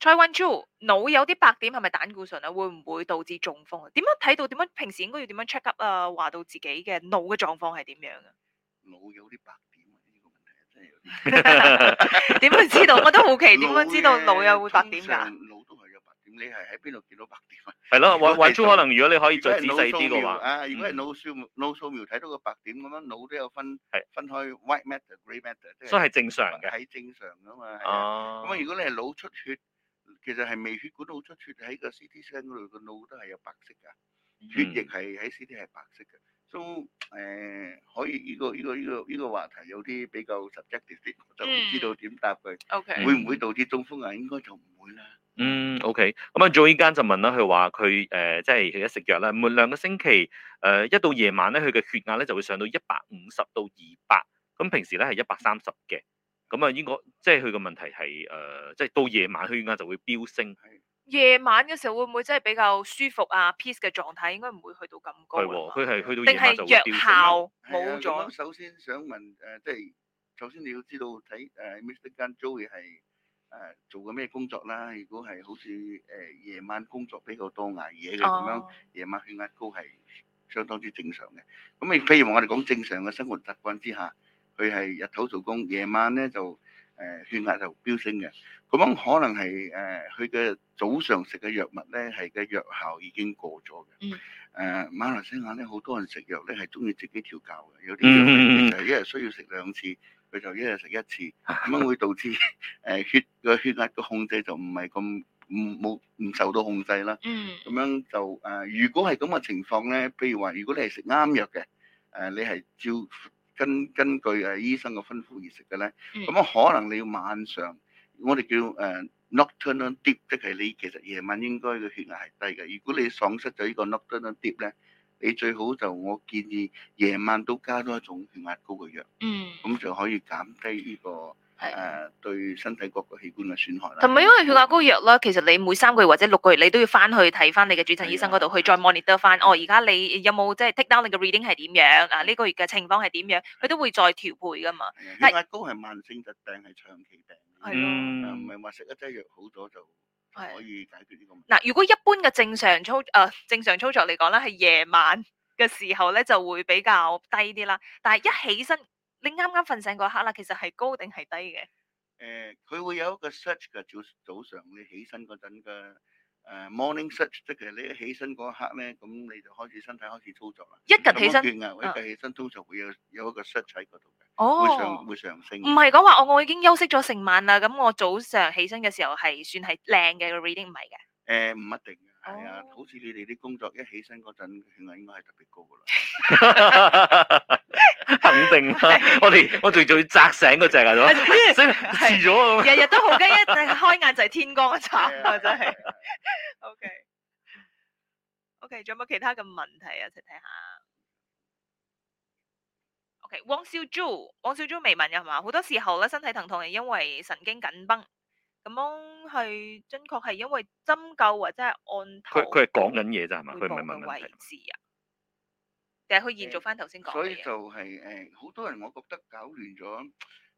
Taiwan Jew，腦有啲白點係咪膽固醇啊？會唔會導致中風啊？點樣睇到？點樣平時應該要點樣 check up 啊？話到自己嘅腦嘅狀況係點樣啊？腦有啲白點呢、呢個問題真係有啲，點 樣 知道？我都好奇點樣知道腦有會白點㗎？你係喺邊度見到白點啊？係咯 white zone 可能如果你可以再仔細啲嘅話，啊，如果係腦掃描、腦掃描睇到個白點咁樣，腦都有分，分開 white matter、grey matter，所以係正常嘅，係正常噶嘛。咁啊，哦嗯嗯、如果你係腦出血，其實係微血管腦出血喺個 CT scan 嗰度個腦都係有白色㗎，血液係喺 CT 係白色嘅，都誒、嗯 so, 呃、可以呢、這個呢、這個呢、這個呢、這個這個話題有啲比較 subjective 啲啲，我就唔知道點答佢。O K、嗯。Okay. 會唔會導致中風啊？應該就唔會啦。嗯，OK。咁啊，最間就問啦，佢話佢誒即係佢一食藥咧，每兩個星期誒、呃、一到夜晚咧，佢嘅血壓咧就會上到一百五十到二百。咁平時咧係一百三十嘅。咁啊，應該即係佢個問題係誒、呃，即係到夜晚血壓就會飆升。夜晚嘅時候會唔會真係比較舒服啊？Peace 嘅狀態應該唔會去到咁高。佢係、啊、去到定係藥效冇咗？啊、首先想問誒、呃，即係首先你要知道睇誒、呃、，Mr. 間 Joey 係。誒、呃，做過咩工作啦？如果係好似誒、呃、夜晚工作比較多挨夜嘅咁樣，夜晚血壓高係相當之正常嘅。咁你譬如我哋講正常嘅生活習慣之下，佢係日頭做工，夜晚咧就誒、呃、血壓就飆升嘅。咁可能係誒佢嘅早上食嘅藥物咧係嘅藥效已經過咗嘅。嗯。誒，馬來西亞咧好多人食藥咧係中意自己調教嘅，有啲藥咧就一日需要食兩次。佢就一日食一次，咁 樣會導致誒血個血壓嘅控制就唔係咁，冇唔受到控制啦。咁、mm. 樣就誒、呃，如果係咁嘅情況咧，譬如話如果你係食啱藥嘅，誒、呃、你係照跟根據誒醫生嘅吩咐而食嘅咧，咁、mm. 可能你要晚上，我哋叫誒、uh, nocturnal dip，即係你其實夜晚應該嘅血壓係低嘅，如果你喪失咗、no、呢個 nocturnal dip 咧。你最好就我建議，夜晚都加多一種血壓高嘅藥，咁、嗯、就可以減低呢、這個誒的、呃、對身體各個器官嘅損害啦。同埋因為血壓高藥咧，其實你每三個月或者六個月，你都要翻去睇翻你嘅主診醫生嗰度的去再 monitor 翻。哦，而家你有冇即係 take down 你嘅 reading 係點樣啊？呢、這個月嘅情況係點樣？佢都會再調配噶嘛。血壓高係慢性疾病係長期病，唔係話食一劑藥好咗就。的 可以解決呢個問題。嗱，如果一般嘅正常操，誒、呃，正常操作嚟講咧，係夜晚嘅時候咧就會比較低啲啦。但係一起身，你啱啱瞓醒嗰刻啦，其實係高定係低嘅？誒、呃，佢會有一個 search 噶早早上你起身嗰陣噶。Uh, morning surge，即係你一起身嗰一刻咧，咁你就開始身體開始操作啦。一起身，啊、一起身通常會有有一個 surge 喺嗰度嘅，會上會上升。唔係講話我我已經休息咗成晚啦，咁我早上起身嘅時候係算係靚嘅 reading 唔係嘅。誒唔、呃、一定嘅，係啊、哦，好似你哋啲工作一起身嗰陣，應該係特別高噶啦。 肯定啦！ 我哋我仲要砸醒嗰隻啊，咗，啊，咗日日都好驚，一 開眼就係天光，慘啊！真係。OK，OK，仲有冇其他嘅問題啊？一齊睇下。OK，汪少珠，汪少珠未問嘅係嘛？好多時候咧，身體疼痛係因為神經緊繃，咁樣係準確係因為針灸或者係按頭。佢佢係講緊嘢咋係嘛？佢唔係問問題。可以延續翻頭先講所以就係誒好多人，我覺得搞亂咗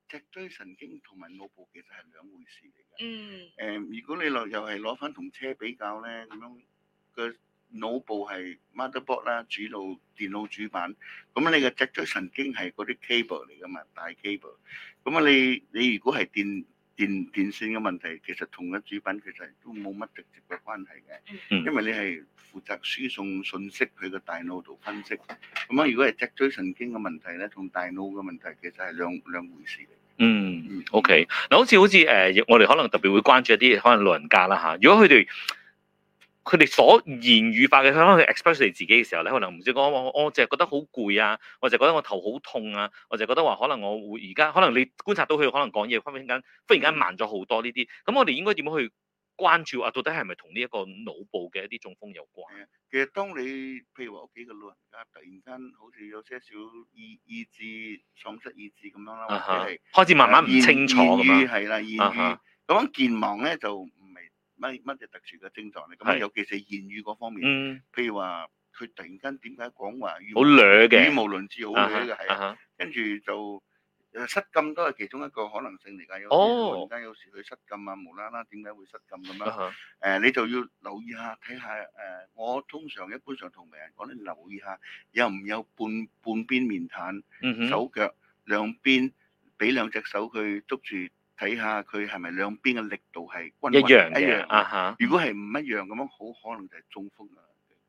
脊椎神經同埋腦部其實係兩回事嚟嘅。嗯。誒，如果你來又係攞翻同車比較咧，咁樣個腦部係 motherboard 啦，主腦電腦主板，咁你嘅脊椎神經係嗰啲 cable 嚟噶嘛，大 cable。咁啊你你如果係電電電線嘅問題，其實同一主板其實都冇乜直接嘅關係嘅，因為你係負責輸送信息，去個大腦度分析。咁啊，如果係脊椎神經嘅問題咧，同大腦嘅問題其實係兩兩回事嚟。嗯嗯，OK。嗱，好似好似誒，我哋可能特別會關注一啲可能老人家啦嚇。如果佢哋佢哋所言語化嘅，佢可能 express 自己嘅時候咧，可能唔知講我，我淨係覺得好攰啊，我就覺得我頭好痛啊，我就覺得話可能我會而家可能你觀察到佢可能講嘢忽然間，忽然間慢咗好多呢啲，咁我哋應該點樣去關注啊？到底係咪同呢一個腦部嘅一啲中風有關啊？其實當你譬如話屋企個老人家突然間好似有些少意意志喪失、意志咁樣啦，或者、uh、huh，開始慢慢唔清楚咁啊，言語啦，咁、uh huh。樣健忘咧就。乜乜嘢特殊嘅症狀咧？尤其係言語嗰方面，嗯，譬如話佢突然間點解講話語語無倫次，好亂嘅係啊，跟住就失禁都係其中一個可能性嚟㗎。哦，突然間有時佢失禁啊，無啦啦點解會失禁咁樣？誒，你就要留意下睇下誒，我通常一般上同病人講咧，你留意下有唔有半半邊面癱，嗯哼，手腳兩邊俾兩隻手去捉住，睇下佢係咪兩邊嘅力度係一樣一樣啊嚇！如果係唔一樣咁樣，好可能就係中風啊。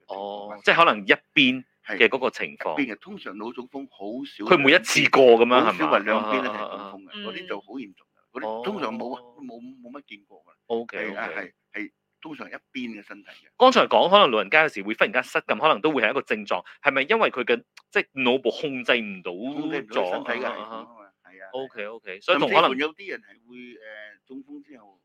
哦，即係可能一邊嘅嗰個情況。邊通常腦中風好少，佢每一次過咁樣係咪？好少話兩邊咧就中風嘅，嗰啲就好嚴重嘅。嗰啲通常冇冇冇乜見過㗎。OK，係係通常一邊嘅身體嘅。剛才講可能老人家有時會忽然間失禁，可能都會係一個症狀，係咪因為佢嘅即係腦部控制唔到咗啊？O K O K，所以同可能有啲人係會誒、呃、中風之後，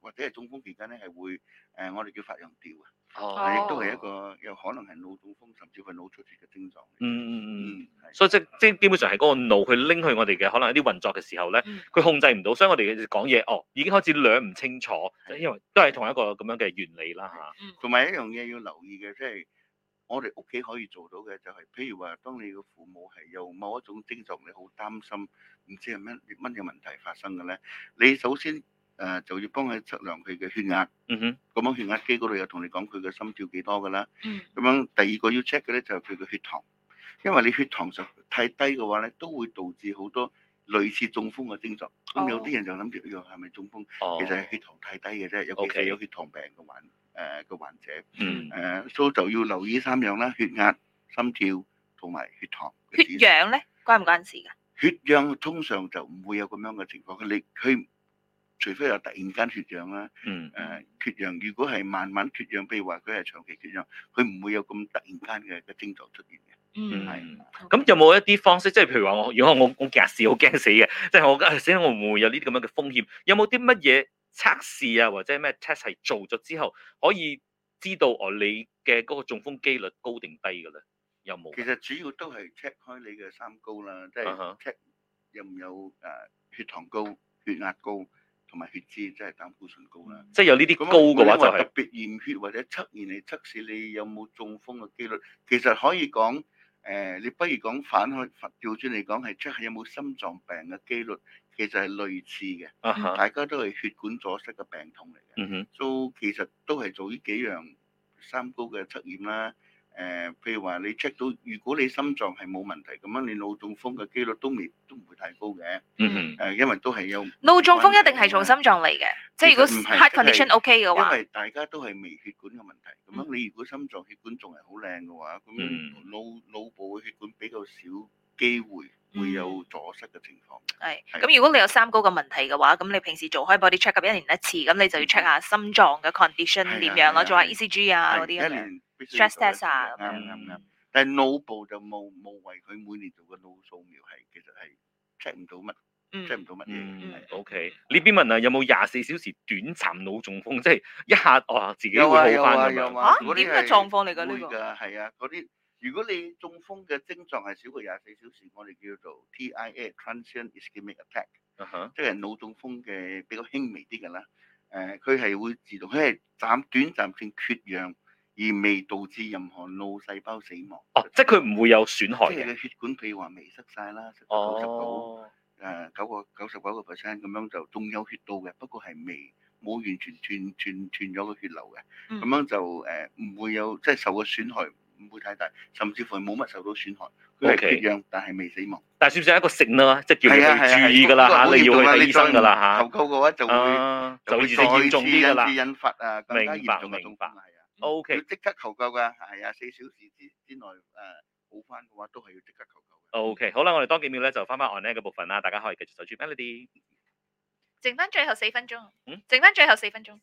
或者係中風期間咧係會誒、呃，我哋叫發羊吊啊，亦都係一個有可能係腦中風甚至係腦出血嘅症狀。嗯嗯嗯，嗯所以，是所以即即基本上係嗰個腦去拎去我哋嘅可能一啲運作嘅時候咧，佢控制唔到，所以我哋講嘢哦已經開始兩唔清楚，因為都係同一個咁樣嘅原理啦嚇。同埋、嗯、一樣嘢要留意嘅即係。我哋屋企可以做到嘅就係，譬如話，當你嘅父母係有某一種症狀，你好擔心唔知係咩乜嘢問題發生嘅咧，你首先誒就要幫佢測量佢嘅血壓，嗯哼，咁樣血壓機嗰度又同你講佢嘅心跳幾多㗎啦，咁樣第二個要 check 嘅咧就係佢嘅血糖，因為你血糖就太低嘅話咧，都會導致好多類似中風嘅症狀，咁有啲人就諗住，哦，係咪中風？其實係血糖太低嘅啫，尤其係有血糖病嘅話。誒、呃，個患者，誒、呃，所以就要留意三樣啦：血壓、心跳同埋血糖。血氧咧，關唔關事噶？血氧通常就唔會有咁樣嘅情況嘅，你佢除非有突然間缺氧啦。嗯。誒，缺氧如果係慢慢缺氧，譬如話佢係長期缺氧，佢唔會有咁突然間嘅嘅症狀出現嘅。嗯，係。咁有冇一啲方式？即係譬如話我，如果我我近視，我驚死嘅，即係我驚死，我唔會有呢啲咁樣嘅風險？有冇啲乜嘢？測試啊，或者咩測係做咗之後可以知道哦，你嘅嗰個中風機率高定低嘅咧？有冇？其實主要都係 check 開你嘅三高啦，即係 check 有唔有誒血糖高、血壓高同埋血脂，即係膽固醇高啦。即係有呢啲高嘅話，就係特別驗血或者測驗嚟測試你有冇中風嘅機率。其實可以講誒、呃，你不如講反去佛調轉嚟講，係測下有冇心臟病嘅機率。其實係類似嘅，大家都係血管阻塞嘅病痛嚟嘅，都、嗯、哼其實都係做呢幾樣三高嘅測驗啦。誒、呃，譬如話你 check 到，如果你心臟係冇問題，咁樣你腦中風嘅幾率都未都唔會太高嘅。誒、呃，因為都係有、嗯、哼為都係有腦中風一定係從心臟嚟嘅，即係如果 heart condition O K 嘅話，因為大家都係微血管嘅問題，咁樣、嗯、你如果心臟血管仲係好靚嘅話，咁腦腦部嘅血管比較少，機會會有阻塞嘅情況。係，咁如果你有三高嘅問題嘅話，咁你平時做開 body check 一年一次，咁你就要 check 下心臟嘅 condition 點樣咯，做下 E C G 啊嗰啲咁樣。stress test 啊咁樣。但係腦部就冇冇為佢每年做個腦掃描係，其實係 check 唔到乜，check 唔到乜嘢。OK 呢邊問啊，有冇廿四小時短暫腦中風？即係一下哦，自己會好返㗎啊，點嘅狀況嚟㗎呢個？會啊，嗰啲。如果你中風嘅症狀係少過廿四小時，我哋叫做 TIA（Transient Ischemic Attack），即係腦中風嘅比較輕微啲嘅啦。誒、呃，佢係會自動，佢係暫短暫性缺氧，而未導致任何腦細胞死亡。哦，即係佢唔會有損害。即係嘅血管譬如話未塞晒啦，九十九誒九個九十九個 percent 咁樣就仲有血到嘅，不過係未冇完全斷斷斷咗個血流嘅，咁樣就誒唔、呃、會有即係、就是、受個損害。唔會太大，甚至乎冇乜受到損害。佢係一樣，但係未死亡。但係算唔算係一個成啊？即係叫人哋注意㗎啦嚇，你要去睇醫生㗎啦嚇。求救嘅話就會就會再次引發啊，更加嚴重嘅狀況係啊。O K，要即刻求救㗎。係啊，四小時之之內誒好翻嘅話，都係要即刻求救。O K，好啦，我哋多幾秒咧，就翻翻 online 嘅部分啦。大家可以繼續收住 Melody。剩翻最後四分鐘。嗯。剩翻最後四分鐘。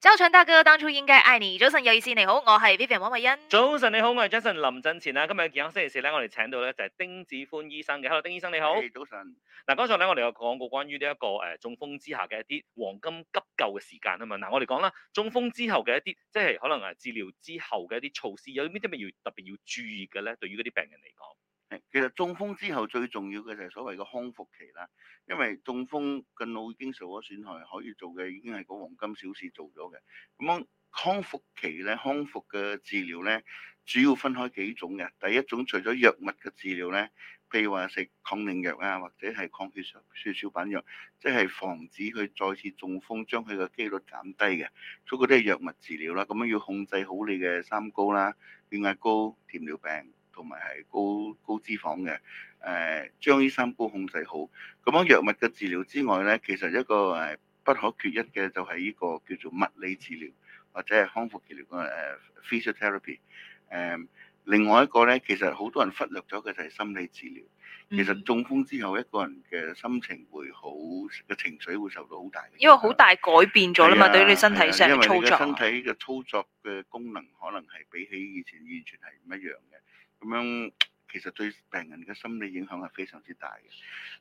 早晨，大哥，當初應該愛你。早晨有意思，你好，我係 Vivian 黃慧欣。早晨你好，我係 Jason 林振前啦。今日嘅健康星期四咧，我哋請到咧就係丁子歡醫生嘅。Hello 丁醫生你好，hey, 早晨。嗱，剛才咧我哋有講過關於呢一個誒中風之下嘅一啲黃金急救嘅時間啊嘛。嗱，我哋講啦，中風之後嘅一啲即係可能係治療之後嘅一啲措施，有邊啲咪要特別要注意嘅咧？對於嗰啲病人嚟講？其實中風之後最重要嘅就係所謂嘅康復期啦，因為中風嘅腦已經受咗損害，可以做嘅已經係個黃金小時做咗嘅。咁康復期咧，康復嘅治療咧，主要分開幾種嘅。第一種除咗藥物嘅治療咧，譬如話食抗凝藥啊，或者係抗血血小板藥，即係防止佢再次中風，將佢嘅幾率減低嘅。所以都係藥物治療啦。咁樣要控制好你嘅三高啦，血壓高、糖尿病。同埋係高高脂肪嘅，誒、呃、將依三高控制好。咁樣藥物嘅治療之外咧，其實一個誒不可缺一嘅就係呢個叫做物理治療或者係康復治療嘅誒、呃、physiotherapy、呃。誒另外一個咧，其實好多人忽略咗嘅就係心理治療。嗯、其實中風之後，一個人嘅心情會好嘅情緒會受到好大。因為好大改變咗啦嘛，對於你身體上嘅操作。身體嘅操作嘅功能可能係比起以前完全係唔一樣嘅。咁樣其實對病人嘅心理影響係非常之大嘅。誒、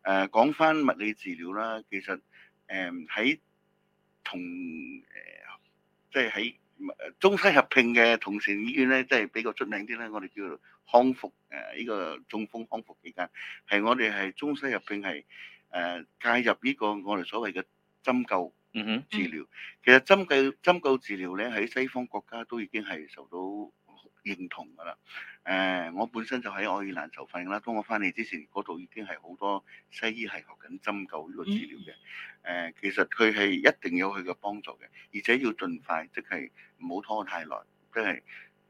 呃、講翻物理治療啦，其實誒喺、嗯、同誒即係喺中西合併嘅同城醫院咧，即、就、係、是、比較出名啲咧。我哋叫做康復誒呢、呃這個中風康復期間，係我哋係中西合併係誒、呃、介入呢個我哋所謂嘅針灸治療。其實針灸針灸治療咧喺西方國家都已經係受到。認同噶啦，誒、呃，我本身就喺愛爾蘭受訓啦。當我翻嚟之前，嗰度已經係好多西醫係學緊針灸呢個治療嘅。誒、呃，其實佢係一定有佢嘅幫助嘅，而且要盡快，即係唔好拖太耐，即、就、係、是、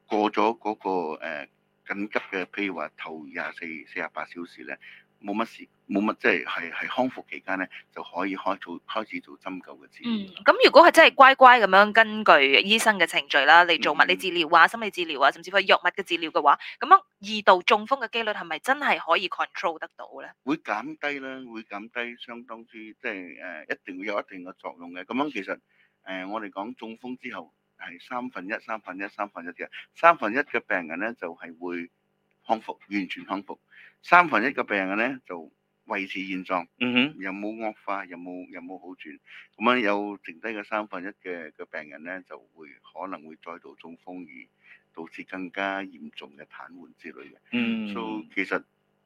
過咗嗰、那個誒、呃、緊急嘅，譬如話頭廿四、四十八小時咧。冇乜事，冇乜即係係係康復期間咧，就可以開做開始做針灸嘅治療。嗯，咁如果係真係乖乖咁樣根據醫生嘅程序啦嚟做物理治療啊、心理治療啊，甚至乎藥物嘅治療嘅話，咁樣二度中風嘅機率係咪真係可以 control 得到咧？會減低啦，會減低，相當之即係誒、呃，一定會有一定嘅作用嘅。咁樣其實誒、呃，我哋講中風之後係三分一、三分一、三分一嘅，三分一嘅病人咧就係、是、會康復完全康復。三分一嘅病人咧就維持現狀，嗯哼，又冇惡化，又冇又冇好轉。咁樣有剩低嘅三分一嘅嘅病人咧，就會可能會再度中風而導致更加嚴重嘅癱瘓之類嘅。嗯、mm，所、hmm. so, 其實誒、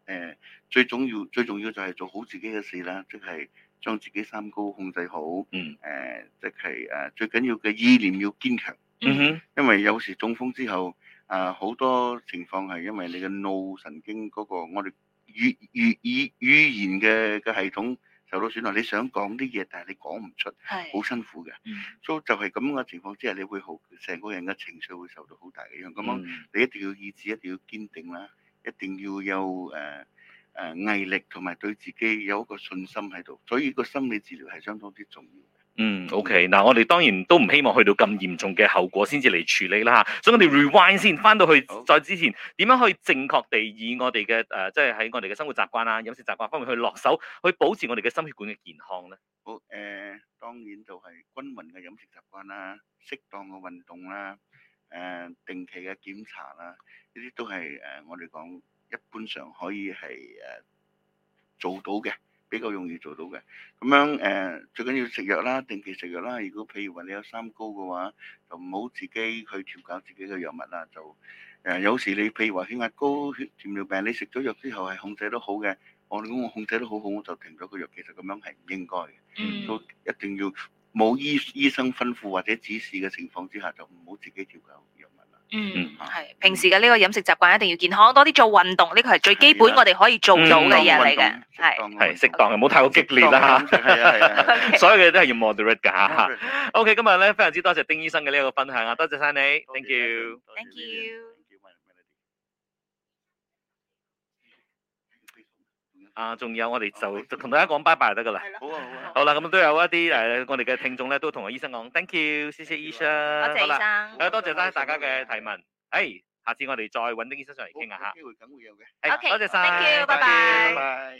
呃、最重要最重要就係做好自己嘅事啦，即係將自己三高控制好。嗯、呃，誒即係誒最緊要嘅意念要堅強。嗯哼、mm，hmm. 因為有時中風之後，啊，好多情況係因為你嘅腦神經嗰個我，我哋語語語語言嘅嘅系統受到損害。你想講啲嘢，但係你講唔出，係好是辛苦嘅。嗯、所以就係咁嘅情況之下，你會好成個人嘅情緒會受到好大嘅影響。咁、嗯、樣你一定要意志一定要堅定啦，一定要有誒誒、呃呃、毅力同埋對自己有一個信心喺度。所以個心理治療係相當之重要。嗯，OK，嗱，我哋當然都唔希望去到咁嚴重嘅後果先至嚟處理啦吓，所以我哋 rewind 先，翻到去再之前點樣去正確地以我哋嘅誒，即係喺我哋嘅生活習慣啊、飲食習慣方面去落手，去保持我哋嘅心血管嘅健康咧。好誒、呃，當然就係均勻嘅飲食習慣啦，適當嘅運動啦，誒、呃，定期嘅檢查啦，呢啲都係誒、呃、我哋講一般上可以係誒、呃、做到嘅。比較容易做到嘅，咁樣誒、呃，最緊要食藥啦，定期食藥啦。如果譬如話你有三高嘅話，就唔好自己去調教自己嘅藥物啦。就誒、呃，有時你譬如話血壓高、血糖尿病，你食咗藥之後係控制得好嘅，我哋咁我控制得好好，我就停咗個藥。其實咁樣係唔應該嘅，都、mm. 一定要冇醫醫生吩咐或者指示嘅情況之下，就唔好自己調教藥物。嗯，係平時嘅呢個飲食習慣一定要健康，多啲做運動，呢個係最基本我哋可以做到嘅嘢嚟嘅，係係適當嘅，唔好太過激烈啦吓，係啊係啊，所有嘅嘢都係要 moderate 噶吓。OK，今日咧非常之多謝丁醫生嘅呢個分享啊，多謝晒你，thank you，thank you。啊，仲有我哋就同大家講拜拜就得噶啦，好啊好啊，好啦，咁都有一啲誒，我哋嘅聽眾咧都同阿醫生講，thank you，謝謝醫生，多謝醫生，誒多謝大家嘅提問，誒，下次我哋再搵啲醫生上嚟傾下吓，機會梗會有嘅，ok，多謝晒，thank you，拜拜。